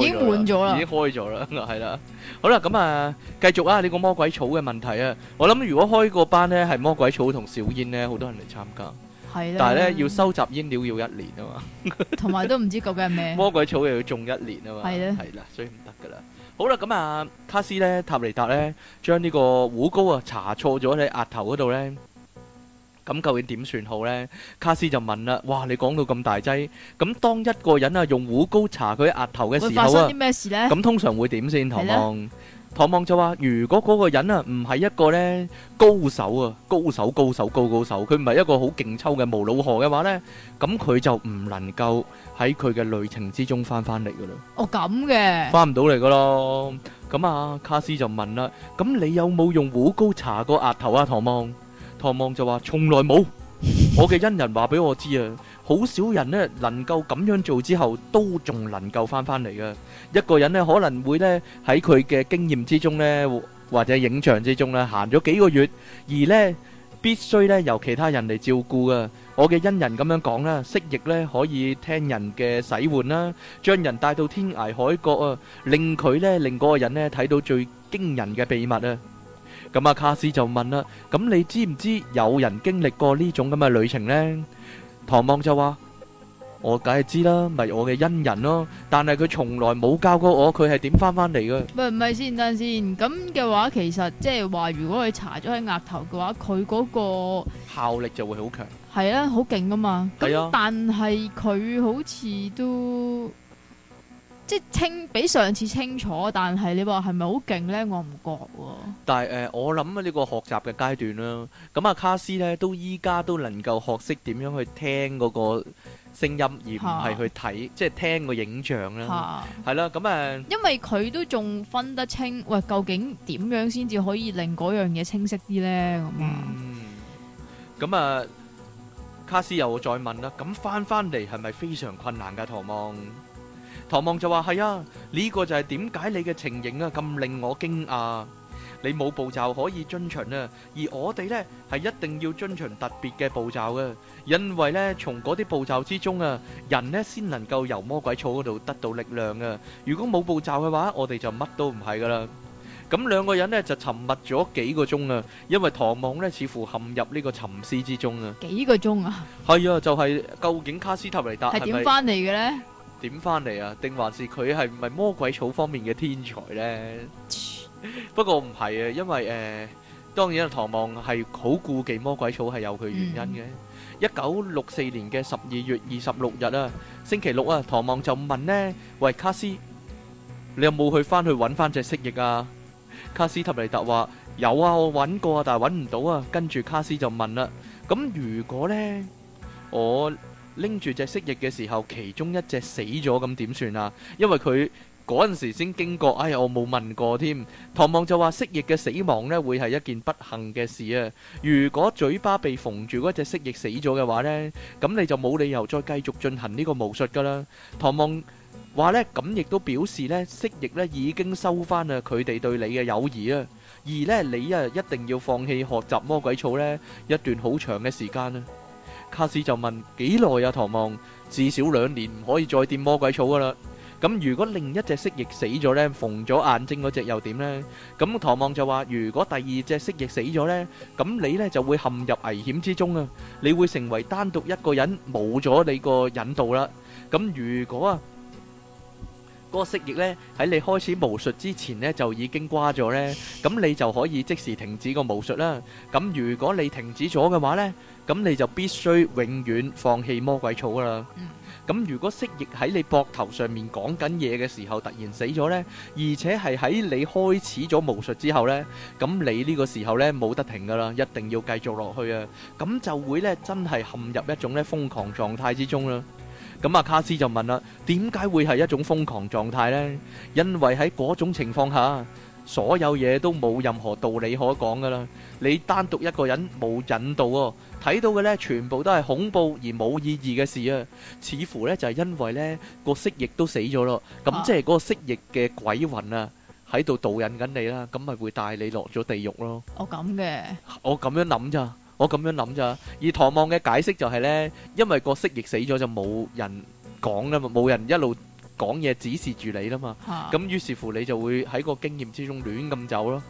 經滿咗啦，已經開咗啦，係啦。好啦，咁啊，繼續啊，呢個魔鬼草嘅問題啊，我諗如果開個班咧，係魔鬼草同小煙咧，好多人嚟參加，係啦。但係咧要收集煙料要一年啊嘛，同埋都唔知究竟係咩。魔鬼草又要種一年啊嘛，係啦，係啦，所以唔得㗎啦。好啦，咁啊，卡斯咧，塔尼達咧，將呢個糊膏啊，搽錯咗喺額頭嗰度咧。咁究竟點算好咧？卡斯就問啦，哇，你講到咁大劑，咁當一個人啊用糊膏搽佢額頭嘅時候啊，發生啲咩事呢？咁通常會點先？唐望，唐望就話：如果嗰個人啊唔係一個咧高手啊，高手高手高高手，佢唔係一個好勁抽嘅無腦河嘅話咧，咁佢就唔能夠喺佢嘅旅程之中翻翻嚟噶啦。哦，咁嘅，翻唔到嚟噶咯。咁啊，卡斯就問啦，咁你有冇用糊膏搽過額頭啊？唐望。唐望就話：從來冇，我嘅恩人話俾我知啊，好少人咧能夠咁樣做之後，都仲能夠返返嚟嘅。一個人咧可能會咧喺佢嘅經驗之中咧，或者影像之中咧行咗幾個月，而咧必須咧由其他人嚟照顧啊。我嘅恩人咁樣講啦，蜥蜴咧可以聽人嘅使喚啦，將人帶到天涯海角啊，令佢咧令嗰個人咧睇到最驚人嘅秘密啊！咁阿卡斯就問啦，咁你知唔知有人經歷過呢種咁嘅旅程呢？唐望就話：我梗係知啦，咪我嘅恩人咯。但係佢從來冇教過我，佢係點翻翻嚟嘅。唔係唔係先，等先。咁嘅話，其實即係話，如果佢搽咗喺額頭嘅話，佢嗰個效力就會好強。係啊，好勁噶嘛。咁但係佢好似都。即係清比上次清楚，但係你話係咪好勁呢？我唔覺喎。但係誒，我諗呢個學習嘅階段啦，咁啊，卡斯咧都依家都能夠學識點樣去聽嗰個聲音，而唔係去睇，即係聽個影像啦。係啦，咁誒，因為佢都仲分得清，喂，究竟點樣先至可以令嗰樣嘢清晰啲呢？咁啊，卡斯又再問啦，咁翻翻嚟係咪非常困難噶？唐望。唐望就話係啊，呢個就係點解你嘅情形啊咁令我驚訝。你冇步驟可以遵循啊，而我哋呢係一定要遵循特別嘅步驟嘅，因為呢從嗰啲步驟之中啊，人呢先能夠由魔鬼草嗰度得到力量啊。如果冇步驟嘅話，我哋就乜都唔係噶啦。咁兩個人呢就沉默咗幾個鐘啊，因為唐望呢似乎陷入呢個沉思之中啊。幾個鐘啊？係啊，就係究竟卡斯塔尼達係點翻嚟嘅呢？點翻嚟啊？定還是佢係唔係魔鬼草方面嘅天才呢？不過唔係啊，因為誒，當然啊，唐望係好顧忌魔鬼草係有佢原因嘅。一九六四年嘅十二月二十六日啊，星期六啊，唐望就問呢：喂，卡斯，你有冇去翻去搵翻隻蜥蜴啊？卡斯塔尼達話：有啊，我搵過啊，但係搵唔到啊。跟住卡斯就問啦：咁如果呢，我？拎住隻蜥蜴嘅時候，其中一隻死咗，咁點算啊？因為佢嗰陣時先經過，哎呀，我冇問過添。唐望就話，蜥蜴嘅死亡咧，會係一件不幸嘅事啊。如果嘴巴被縫住嗰隻蜥蜴死咗嘅話呢，咁你就冇理由再繼續進行呢個巫術噶啦。唐望話呢，咁亦都表示呢，蜥蜴咧已經收翻啊佢哋對你嘅友誼啊，而呢，你啊一定要放棄學習魔鬼草呢一段好長嘅時間啊。卡斯就問：幾耐啊？唐望，至少兩年唔可以再掂魔鬼草噶啦。咁如果另一隻蜥蜴死咗呢，縫咗眼睛嗰隻又點呢？咁唐望就話：如果第二隻蜥蜴死咗呢，咁你呢就會陷入危險之中啊！你會成為單獨一個人，冇咗你個引導啦。咁如果啊？嗰個蜥蜴呢，喺你開始巫術之前呢，就已經瓜咗呢。咁你就可以即時停止個巫術啦。咁如果你停止咗嘅話呢，咁你就必須永遠放棄魔鬼草噶啦。咁如果蜥蜴喺你膊頭上面講緊嘢嘅時候突然死咗呢，而且係喺你開始咗巫術之後呢，咁你呢個時候呢，冇得停噶啦，一定要繼續落去啊。咁就會呢，真係陷入一種呢瘋狂狀態之中啦。咁啊，卡斯就問啦：點解會係一種瘋狂狀態呢？因為喺嗰種情況下，所有嘢都冇任何道理可講噶啦。你單獨一個人冇引導哦，睇到嘅呢全部都係恐怖而冇意義嘅事啊。似乎呢就係因為呢個蜥蜴都死咗咯。咁即係嗰個蜥蜴嘅鬼魂啊，喺度導引緊你啦。咁咪會帶你落咗地獄咯。我咁嘅。我咁樣諗咋？我咁樣諗咋，而唐望嘅解釋就係咧，因為個蜥蜴死咗就冇人講啦嘛，冇人一路講嘢指示住你啦嘛，咁於是乎你就會喺個經驗之中亂咁走咯，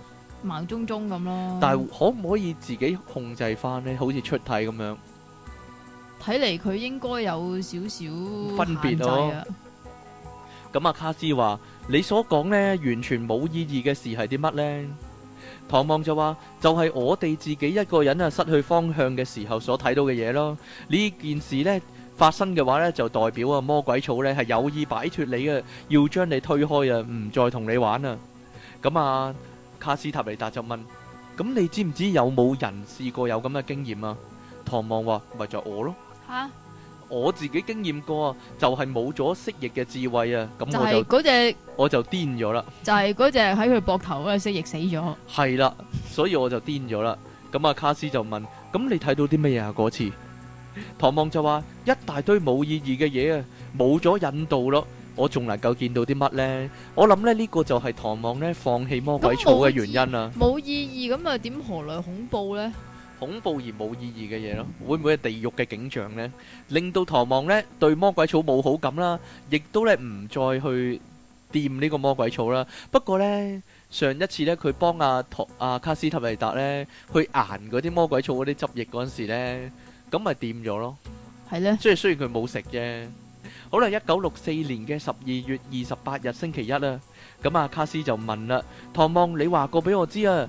盲中中咁咯。但係可唔可以自己控制翻咧？好似出體咁樣，睇嚟佢應該有少少分別咯。咁阿卡斯話：你所講咧完全冇意義嘅事係啲乜咧？唐望就話：就係、是、我哋自己一個人啊，失去方向嘅時候所睇到嘅嘢咯。呢件事咧發生嘅話咧，就代表啊魔鬼草咧係有意擺脱你嘅，要將你推開啊，唔再同你玩啦。咁啊，卡斯塔尼達就問：咁你知唔知有冇人試過有咁嘅經驗啊？唐望話：咪就是、我咯。吓？我自己經驗過啊，就係冇咗蜥蜴嘅智慧啊，咁我就嗰隻我就癲咗啦。就係嗰隻喺佢膊頭嗰隻蜥蜴死咗。係啦，所以我就癲咗啦。咁阿卡斯就問：咁你睇到啲乜嘢啊？嗰次，唐望就話：一大堆冇意義嘅嘢啊，冇咗引導咯，我仲能夠見到啲乜呢？我諗呢呢個就係唐望呢放棄魔鬼草嘅原因啊。冇意義咁啊，點何來恐怖呢？恐怖而冇意義嘅嘢咯，會唔會係地獄嘅景象咧？令到唐望咧對魔鬼草冇好感啦，亦都咧唔再去掂呢個魔鬼草啦。不過咧，上一次咧佢幫阿唐阿卡斯塔利達咧去巖嗰啲魔鬼草嗰啲汁液嗰陣時咧，咁咪掂咗咯。係咧。即係雖然佢冇食啫。好啦，一九六四年嘅十二月二十八日星期一啊。咁，阿卡斯就問啦：唐望，你話過俾我知啊？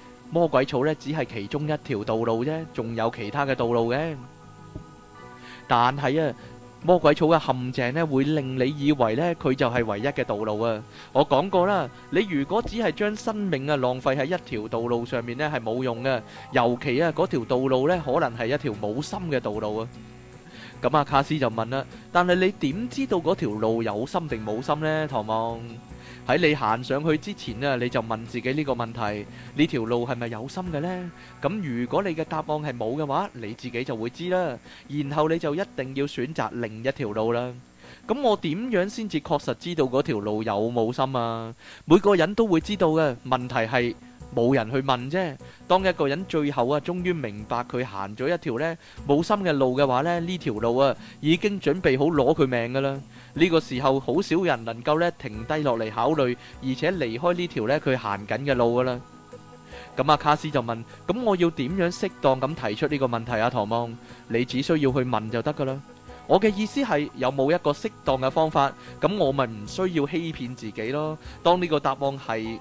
魔鬼草呢，只係其中一條道路啫，仲有其他嘅道路嘅。但係啊，魔鬼草嘅陷阱呢，會令你以為呢，佢就係唯一嘅道路啊！我講過啦，你如果只係將生命啊浪費喺一條道路上面呢，係冇用嘅，尤其啊，嗰條道路呢，可能係一條冇心嘅道路啊！咁啊，卡斯就問啦：「但係你點知道嗰條路有心定冇心呢？」唐望。喺你行上去之前啊，你就問自己呢個問題：「呢條路係咪有心嘅呢？」咁如果你嘅答案係冇嘅話，你自己就會知啦。然後你就一定要選擇另一條路啦。咁我點樣先至確實知道嗰條路有冇心啊？每個人都會知道嘅，問題係冇人去問啫。當一個人最後啊，終於明白佢行咗一條呢冇心嘅路嘅話呢，呢條路啊已經準備好攞佢命噶啦。呢個時候好少人能夠咧停低落嚟考慮，而且離開呢條咧佢行緊嘅路噶啦。咁啊，卡斯就問：咁我要點樣適當咁提出呢個問題啊？唐望，你只需要去問就得噶啦。我嘅意思係有冇一個適當嘅方法，咁我咪唔需要欺騙自己咯。當呢個答案係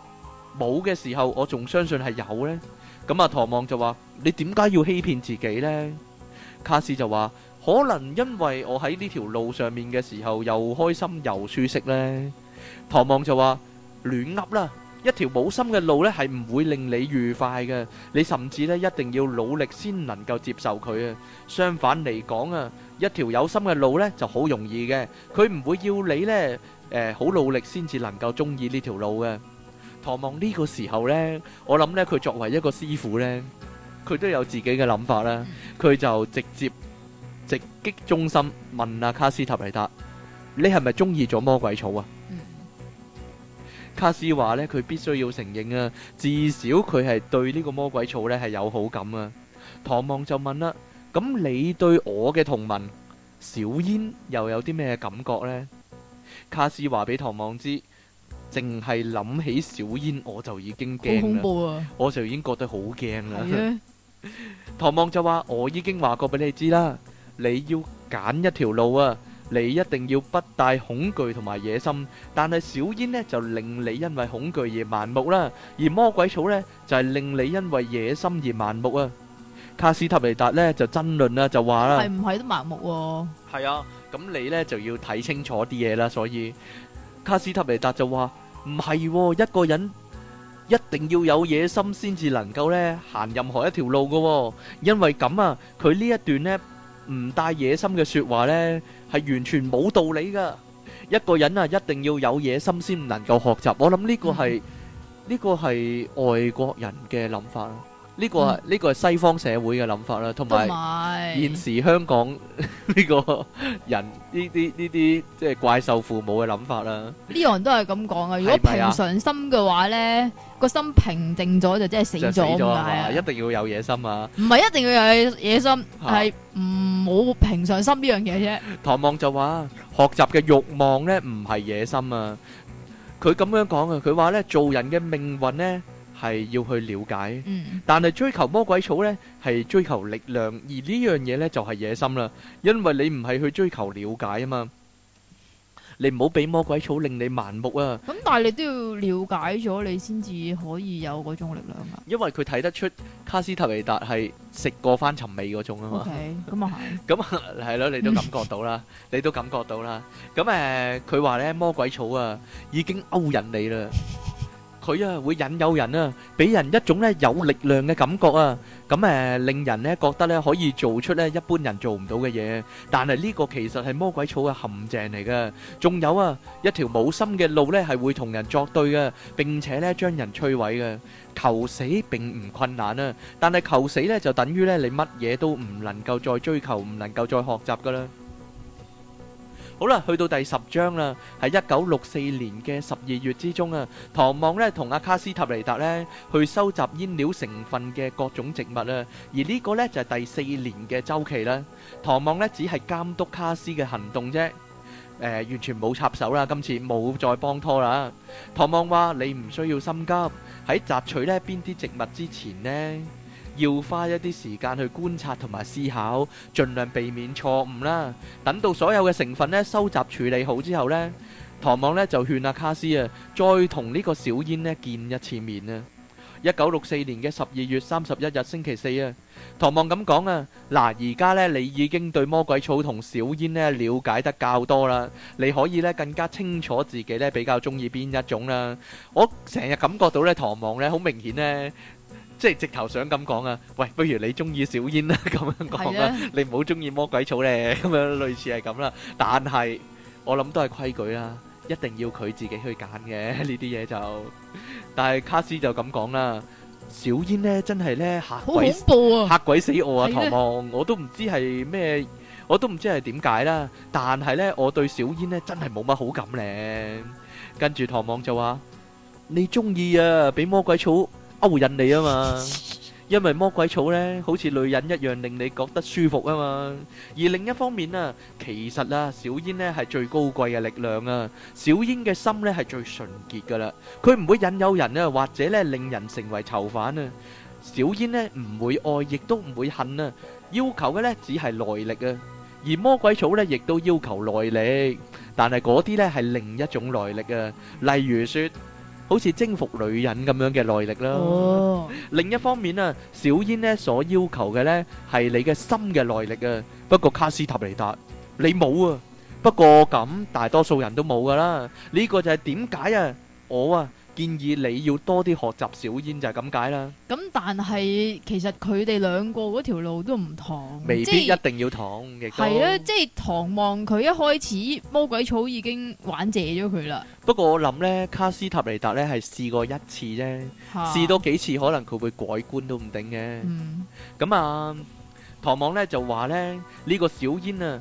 冇嘅時候，我仲相信係有呢。咁啊，唐望就話：你點解要欺騙自己呢？卡斯就話。可能因為我喺呢條路上面嘅時候又開心又舒適呢，唐望就話亂噏啦，一條冇心嘅路呢係唔會令你愉快嘅，你甚至呢一定要努力先能夠接受佢啊。相反嚟講啊，一條有心嘅路呢就好容易嘅，佢唔會要你呢誒好努力先至能夠中意呢條路嘅。唐望呢個時候呢，我諗呢佢作為一個師傅呢，佢都有自己嘅諗法啦，佢就直接。直擊中心，問阿、啊、卡斯塔尼達：你係咪中意咗魔鬼草啊？嗯、卡斯話呢佢必須要承認啊，至少佢係對呢個魔鬼草呢係有好感啊。唐望就問啦：咁你對我嘅同盟小煙又有啲咩感覺呢？」卡斯話俾唐望知，淨係諗起小煙，我就已經驚啦，恐怖啊、我就已經覺得好驚啦。呢 唐望就話：我已經話過俾你知啦。你要揀一條路啊！你一定要不帶恐懼同埋野心，但係小煙咧就令你因為恐懼而盲目啦，而魔鬼草咧就係令你因為野心而盲目啊。卡斯塔尼達咧就爭論啦，就話啦，係唔係都盲目？係啊，咁你咧就要睇清楚啲嘢啦。所以卡斯塔尼達就話唔係一個人一定要有野心先至能夠咧行任何一條路㗎，因為咁啊，佢呢一段咧。唔帶野心嘅説話呢，係完全冇道理噶。一個人啊，一定要有野心先能夠學習。我諗呢個係呢個係外國人嘅諗法啊。呢個係呢個係西方社會嘅諗法啦，同埋現時香港呢個人呢啲呢啲即係怪獸父母嘅諗法啦。呢樣人都係咁講啊。如果平常心嘅話咧，個心平靜咗就真係死咗，唔係啊！一定要有野心啊！唔係一定要有野心，係冇平常心呢樣嘢啫。唐望就話：學習嘅慾望咧，唔係野心啊！佢咁樣講啊，佢話咧，做人嘅命運咧。係要去了解，嗯，但係追求魔鬼草咧，係追求力量，而呢樣嘢咧就係野心啦。因為你唔係去追求了解啊嘛，你唔好俾魔鬼草令你盲目啊。咁但係你都要了解咗，你先至可以有嗰種力量噶。因為佢睇得出卡斯塔尼達係食過返尋味嗰種啊嘛。O K，咁啊係。咁係咯，你都感覺到啦，你都感覺到啦。咁誒，佢話咧魔鬼草啊，已經勾引你啦。佢啊，會引誘人啊，俾人一種咧有力量嘅感覺啊，咁誒令人咧覺得咧可以做出咧一般人做唔到嘅嘢。但係呢個其實係魔鬼草嘅陷阱嚟嘅。仲有啊，一條冇心嘅路咧係會同人作對嘅，並且咧將人摧毀嘅。求死並唔困難啊，但係求死咧就等於咧你乜嘢都唔能夠再追求，唔能夠再學習噶啦。好啦，去到第十章啦，喺一九六四年嘅十二月之中啊，唐望呢同阿卡斯塔尼達呢去收集煙料成分嘅各種植物啊，而呢個呢就係第四年嘅周期啦。唐望呢只係監督卡斯嘅行動啫，誒，完全冇插手啦。今次冇再幫拖啦。唐望話：你唔需要心急，喺摘取呢邊啲植物之前呢。要花一啲時間去觀察同埋思考，盡量避免錯誤啦。等到所有嘅成分呢，收集處理好之後呢，唐望呢就勸阿卡斯啊，再同呢個小煙呢見一次面啊！一九六四年嘅十二月三十一日星期四啊，唐望咁講啊，嗱而家呢，你已經對魔鬼草同小煙呢了解得較多啦，你可以呢更加清楚自己呢比較中意邊一種啦。我成日感覺到呢唐望呢，好明顯呢。即係直頭想咁講啊！喂，不如你中意小煙啦咁樣講啊！你唔好中意魔鬼草咧，咁樣類似係咁啦。但係我諗都係規矩啦，一定要佢自己去揀嘅呢啲嘢就。但係卡斯就咁講啦，小煙咧真係咧嚇鬼好恐怖啊，嚇鬼死我啊！唐望，我都唔知係咩，我都唔知係點解啦。但係咧，我對小煙咧真係冇乜好感咧。跟住唐望就話：你中意啊？俾魔鬼草。勾引你啊嘛，因為魔鬼草咧好似女人一樣令你覺得舒服啊嘛。而另一方面啊，其實啦，小煙咧係最高貴嘅力量啊。小煙嘅心咧係最純潔噶啦，佢唔會引誘人啊，或者咧令人成為囚犯啊。小煙咧唔會愛，亦都唔會恨啊。要求嘅咧只係耐力啊。而魔鬼草咧亦都要求耐力，但係嗰啲咧係另一種耐力啊。例如說。好似征服女人咁樣嘅耐力啦，哦、另一方面啊，小煙呢所要求嘅呢係你嘅心嘅耐力啊。不過卡斯塔尼達你冇啊，不過咁大多數人都冇噶啦。呢、這個就係點解啊，我啊。建議你要多啲學習小煙就係咁解啦。咁但係其實佢哋兩個嗰條路都唔同，未必一定要同嘅。係是都啊，即係唐望佢一開始魔鬼草已經玩謝咗佢啦。不過我諗呢，卡斯塔尼達呢係試過一次啫，試、啊、多幾次可能佢會改觀都唔定嘅。咁、嗯、啊，唐望呢就話呢，呢、這個小煙啊。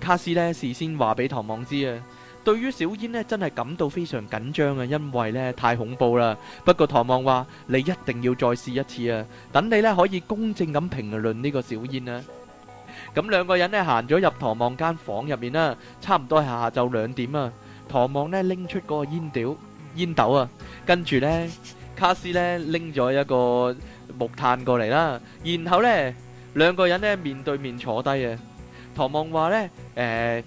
卡斯呢事先話俾唐望知啊，對於小煙呢真係感到非常緊張啊，因為呢太恐怖啦。不過唐望話：你一定要再試一次啊，等你呢可以公正咁評論呢個小煙啦。咁兩個人呢行咗入唐望間房入面啦，差唔多係下晝兩點啊。唐望呢拎出嗰個煙屌煙斗啊，跟住呢卡斯呢拎咗一個木炭過嚟啦，然後呢兩個人呢面對面坐低啊。唐望話呢，誒，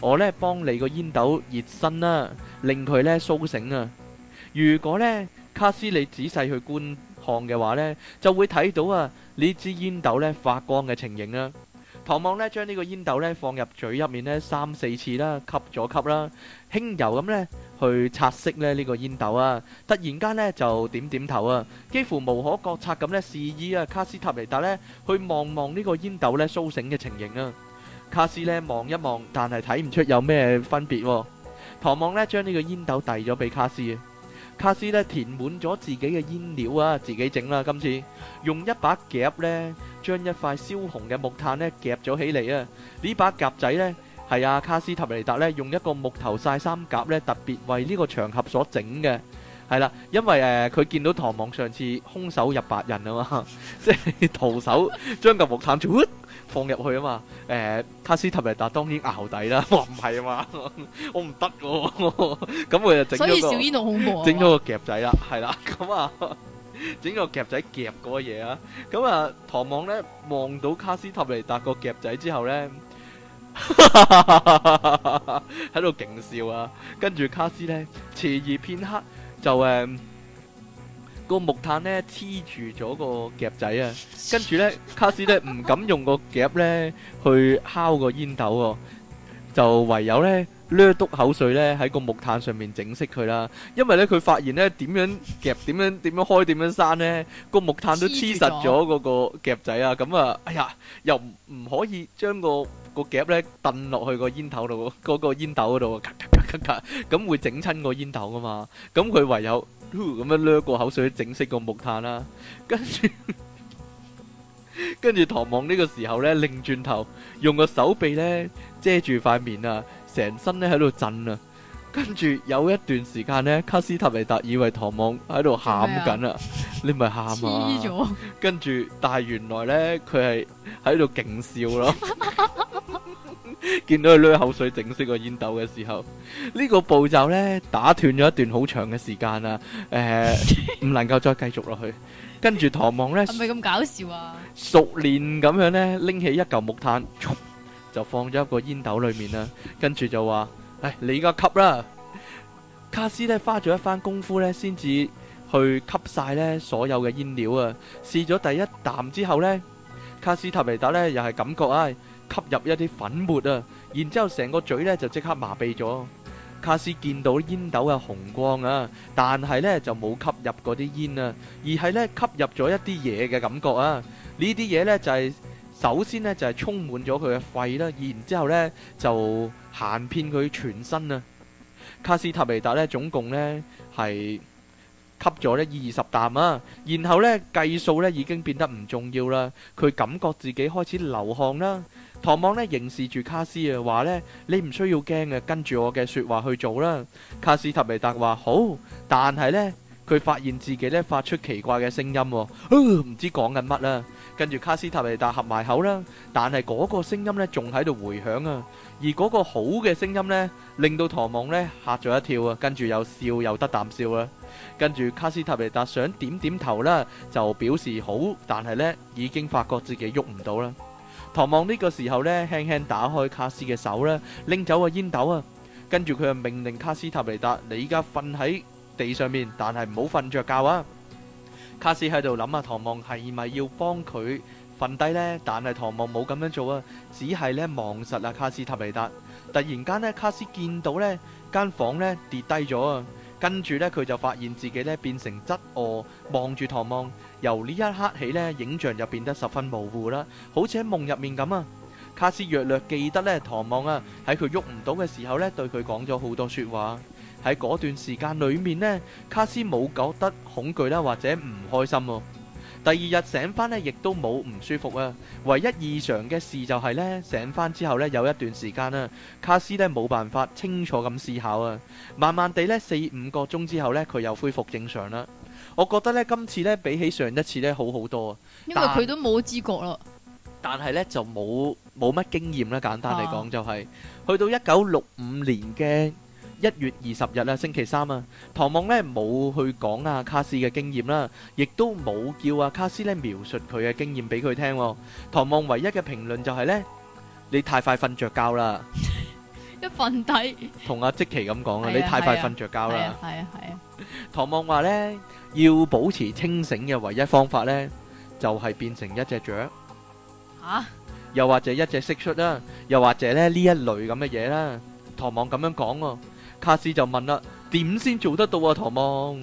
我呢幫你個煙斗熱身啦，令佢呢蘇醒啊！如果呢卡斯你仔細去觀看嘅話呢，就會睇到啊呢支煙斗呢發光嘅情形啊。唐望呢，將呢個煙斗呢放入嘴入面呢三四次啦，吸咗吸啦，輕柔咁呢去擦拭呢呢個煙斗啊！突然間呢，就點點頭啊，幾乎無可覺察咁呢示意啊卡斯塔尼達呢去望望呢個煙斗呢蘇醒嘅情形啊！卡斯咧望一望，但係睇唔出有咩分別。唐望咧將呢個煙斗遞咗俾卡斯，卡斯咧填滿咗自己嘅煙料啊，自己整啦，今次用一把夾咧，將一塊燒紅嘅木炭咧夾咗起嚟啊！呢把夾仔咧係阿卡斯塔尼達咧用一個木頭晒三夾晒衫夾咧特別為呢個場合所整嘅，係啦，因為誒佢見到唐望上次空手入白刃啊嘛，即係徒手將嚿木炭脫。放入去啊嘛，誒卡斯塔尼達當然淆底啦，我唔係嘛，我唔得喎，咁佢就整咗個，整咗個夾仔啦，係啦，咁啊，整個夾仔夾個嘢啊，咁啊，唐望咧望到卡斯塔尼達個夾仔之後咧，喺度勁笑啊，跟住卡斯咧遲疑片刻就誒。個木炭咧黐住咗個夾仔啊，跟住咧卡斯咧唔敢用個夾咧去敲個煙斗喎，就唯有咧略篤口水咧喺個木炭上面整熄佢啦。因為咧佢發現咧點樣夾，點樣點樣開，點樣閂咧個木炭都黐實咗嗰個夾仔啊，咁啊哎呀又唔可以將個個夾咧燉落去個煙斗度，個個煙斗嗰度啊，咁會整親個煙斗噶嘛，咁佢唯有。咁樣掠個口水整熄個木炭啦，啊，跟住 跟住唐望呢個時候呢，擰轉頭用個手臂呢，遮住塊面啊，成身呢喺度震啊，跟住有一段時間呢，卡斯塔尼達以為唐望喺度喊緊啊，你咪喊啊，啊了跟住但係原來呢，佢係喺度勁笑咯。 見到佢甩口水整熄個煙斗嘅時候，呢個步驟咧打斷咗一段好長嘅時間啦。誒，唔能夠再繼續落去。跟住唐望咧，係咪咁搞笑啊？熟練咁樣咧，拎起一嚿木炭，就放咗一個煙斗裏面啦。跟住就話：，誒，你依家吸啦。卡斯咧花咗一番功夫咧，先至去吸晒咧所有嘅煙料啊。試咗第一啖之後咧，卡斯塔維達咧又係感覺唉。吸入一啲粉末啊，然之後成個嘴咧就即刻麻痹咗。卡斯見到煙斗嘅紅光啊，但係咧就冇吸入嗰啲煙啊，而係咧吸入咗一啲嘢嘅感覺啊。呢啲嘢咧就係、是、首先咧就係、是、充滿咗佢嘅肺啦、啊，然之後咧就行遍佢全身啊。卡斯塔尼達咧總共咧係吸咗呢二十啖啊，然後咧計數咧已經變得唔重要啦。佢感覺自己開始流汗啦。唐望咧凝視住卡斯啊，話咧，你唔需要驚嘅，跟住我嘅說話去做啦。卡斯塔維達話好，但係咧佢發現自己咧發出奇怪嘅聲音，唔、呃、唔知講緊乜啦。跟住卡斯塔維達合埋口啦，但係嗰個聲音咧仲喺度回響啊。而嗰個好嘅聲音咧，令到唐望咧吓咗一跳啊。跟住又笑又得啖笑啊。跟住卡斯塔維達想點點頭啦，就表示好，但係咧已經發覺自己喐唔到啦。唐望呢個時候呢，輕輕打開卡斯嘅手呢，拎走個煙斗啊。跟住佢就命令卡斯塔尼達：你依家瞓喺地上面，但係唔好瞓着覺啊。卡斯喺度諗啊，唐望係咪要幫佢瞓低呢？但係唐望冇咁樣做啊，只係呢，望實啊卡斯塔尼達。突然間呢，卡斯見到呢間房呢跌低咗啊！跟住呢佢就發現自己咧變成側卧，望住唐望。由呢一刻起呢影像就變得十分模糊啦，好似喺夢入面咁啊！卡斯約略記得呢唐望啊喺佢喐唔到嘅時候呢，對佢講咗好多説話。喺嗰段時間裏面呢，卡斯冇覺得恐懼啦，或者唔開心咯。第二日醒翻呢，亦都冇唔舒服啊。唯一異常嘅事就係呢，醒翻之後呢，有一段時間啦，啊，卡斯呢冇辦法清楚咁思考啊。慢慢地呢，四五個鐘之後呢，佢又恢復正常啦。我覺得呢，今次呢比起上一次呢，好好多啊，但因為佢都冇知覺咯。但係呢，就冇冇乜經驗啦。簡單嚟講就係，是啊，去到一九六五年嘅。一月二十日咧，星期三啊！唐望咧冇去講阿卡斯嘅經驗啦，亦都冇叫阿卡斯咧描述佢嘅經驗俾佢聽。唐望唯一嘅評論就係咧，你太快瞓著覺啦！一瞓低，同阿即奇咁講啊！你太快瞓著覺啦！係啊係啊！唐望話咧，要保持清醒嘅唯一方法咧，就係變成一隻雀。吓？又或者一隻蟋蟀啦，又或者咧呢一類咁嘅嘢啦。唐望咁樣講。卡斯就問啦，點先做得到啊？唐望，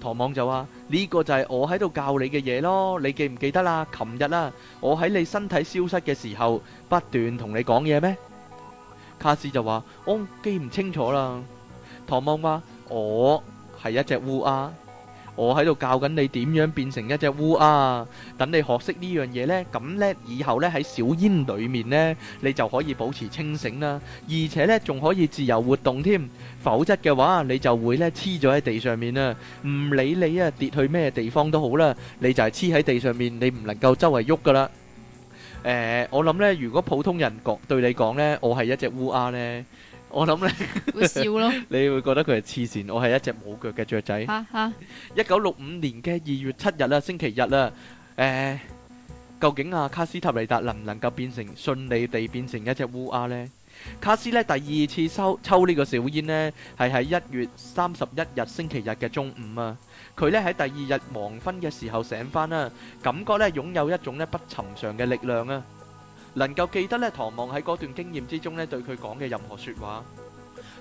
唐望就話呢、呢個就係我喺度教你嘅嘢咯，你記唔記得啦？琴日啦，我喺你身體消失嘅時候不斷同你講嘢咩？卡斯就話我、哦、記唔清楚啦。唐望話我係一隻烏鴉。我喺度教緊你點樣變成一隻烏鴉，等你學識呢樣嘢呢，咁呢以後呢喺小煙裏面呢，你就可以保持清醒啦，而且呢仲可以自由活動添。否則嘅話，你就會呢黐咗喺地上面啦，唔理你啊跌去咩地方都好啦，你就係黐喺地上面，你唔能夠周圍喐噶啦。誒，我諗呢，如果普通人講對你講呢，我係一隻烏鴉呢。我諗咧會笑咯，你會覺得佢係黐線，我係一隻冇腳嘅雀仔。吓吓！一九六五年嘅二月七日啦，星期日啦。誒，究竟阿卡斯塔尼達能唔能夠變成順利地變成一隻烏鴉咧？卡斯咧第二次收抽呢個小煙咧，係喺一月三十一日星期日嘅中午啊。佢咧喺第二日黃昏嘅時候醒翻啦，感覺咧擁有一種咧不尋常嘅力量啊。能夠記得咧，唐望喺嗰段經驗之中咧，對佢講嘅任何説話，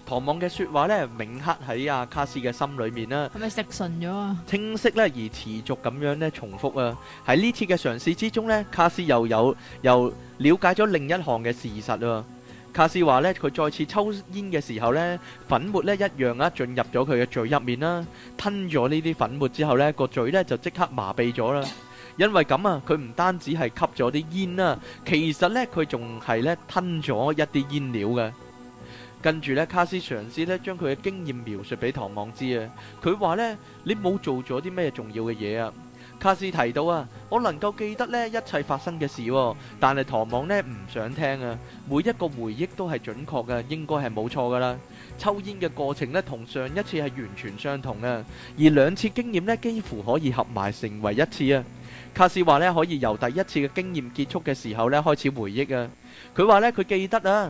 唐望嘅説話咧，銘刻喺阿卡斯嘅心裏面啦。係咪食神咗啊？清晰咧，而持續咁樣咧，重複啊。喺呢次嘅嘗試之中咧，卡斯又有又瞭解咗另一項嘅事實啊。卡斯話咧，佢再次抽煙嘅時候咧，粉末咧一樣啊，進入咗佢嘅嘴入面啦，吞咗呢啲粉末之後咧，個嘴咧就即刻麻痹咗啦。因為咁啊，佢唔單止係吸咗啲煙啦，其實咧佢仲係咧吞咗一啲煙料嘅。跟住咧，卡斯嘗試咧將佢嘅經驗描述俾唐望知啊。佢話咧，你冇做咗啲咩重要嘅嘢啊？卡斯提到啊，我能夠記得咧一切發生嘅事，但係唐望咧唔想聽啊。每一個回憶都係準確嘅，應該係冇錯噶啦。抽煙嘅過程咧同上一次係完全相同啊，而兩次經驗咧幾乎可以合埋成為一次啊。卡斯話呢，可以由第一次嘅經驗結束嘅時候呢，開始回憶啊，佢話呢，佢記得啊，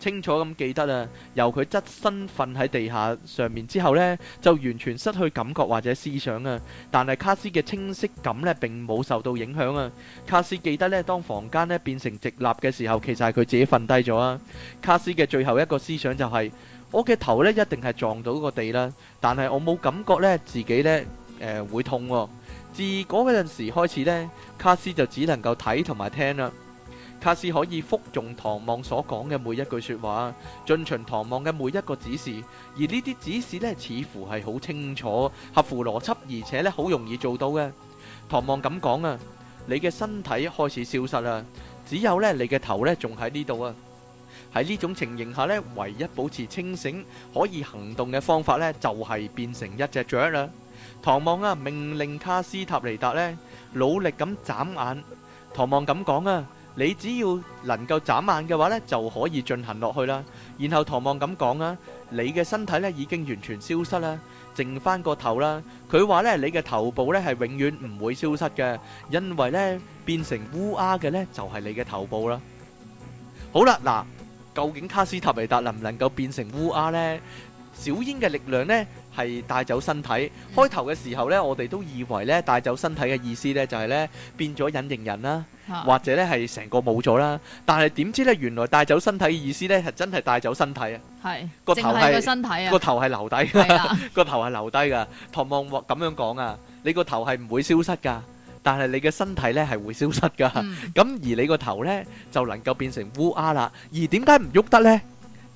清楚咁記得啊，由佢側身瞓喺地下上面之後呢，就完全失去感覺或者思想啊，但係卡斯嘅清晰感呢並冇受到影響啊。卡斯記得呢，當房間呢，變成直立嘅時候，其實係佢自己瞓低咗啊。卡斯嘅最後一個思想就係，我嘅頭呢，一定係撞到個地啦，但係我冇感覺呢，自己呢，誒會痛。自嗰嗰陣時開始呢，卡斯就只能夠睇同埋聽啦。卡斯可以複誦唐望所講嘅每一句說話，遵循唐望嘅每一個指示。而呢啲指示呢，似乎係好清楚、合乎邏輯，而且呢，好容易做到嘅。唐望咁講啊，你嘅身體開始消失啦，只有呢，你嘅頭呢，仲喺呢度啊。喺呢種情形下呢，唯一保持清醒可以行動嘅方法呢，就係變成一隻雀啦。唐望啊，命令卡斯塔尼達咧，努力咁眨眼。唐望咁講啊，你只要能夠眨眼嘅話咧，就可以進行落去啦。然後唐望咁講啊，你嘅身體咧已經完全消失啦，剩翻個頭啦。佢話咧，你嘅頭部咧係永遠唔會消失嘅，因為咧變成烏鴉嘅咧就係你嘅頭部啦。好啦，嗱，究竟卡斯塔尼達能唔能夠變成烏鴉咧？小煙嘅力量咧？係帶走身體，開頭嘅時候咧，我哋都以為咧帶走身體嘅意思咧就係咧變咗隱形人啦，或者咧係成個冇咗啦。但係點知咧，原來帶走身體嘅意思咧係真係帶走身體啊！係，淨係個身體啊，個頭係留低，個頭係留低噶。唐望望咁樣講啊，你個頭係唔會消失噶，但係你嘅身體咧係會消失噶。咁而你個頭咧就能夠變成烏鴉啦。而點解唔喐得咧？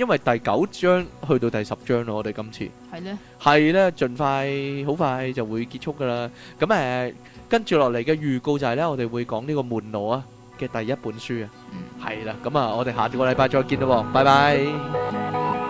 因為第九章去到第十章咯，我哋今次係咧，係咧呢，盡快好快就會結束噶啦。咁誒、呃，跟住落嚟嘅預告就係咧，我哋會講呢個門路啊嘅第一本書啊，係啦、嗯。咁啊，我哋下個禮拜再見咯， 拜拜。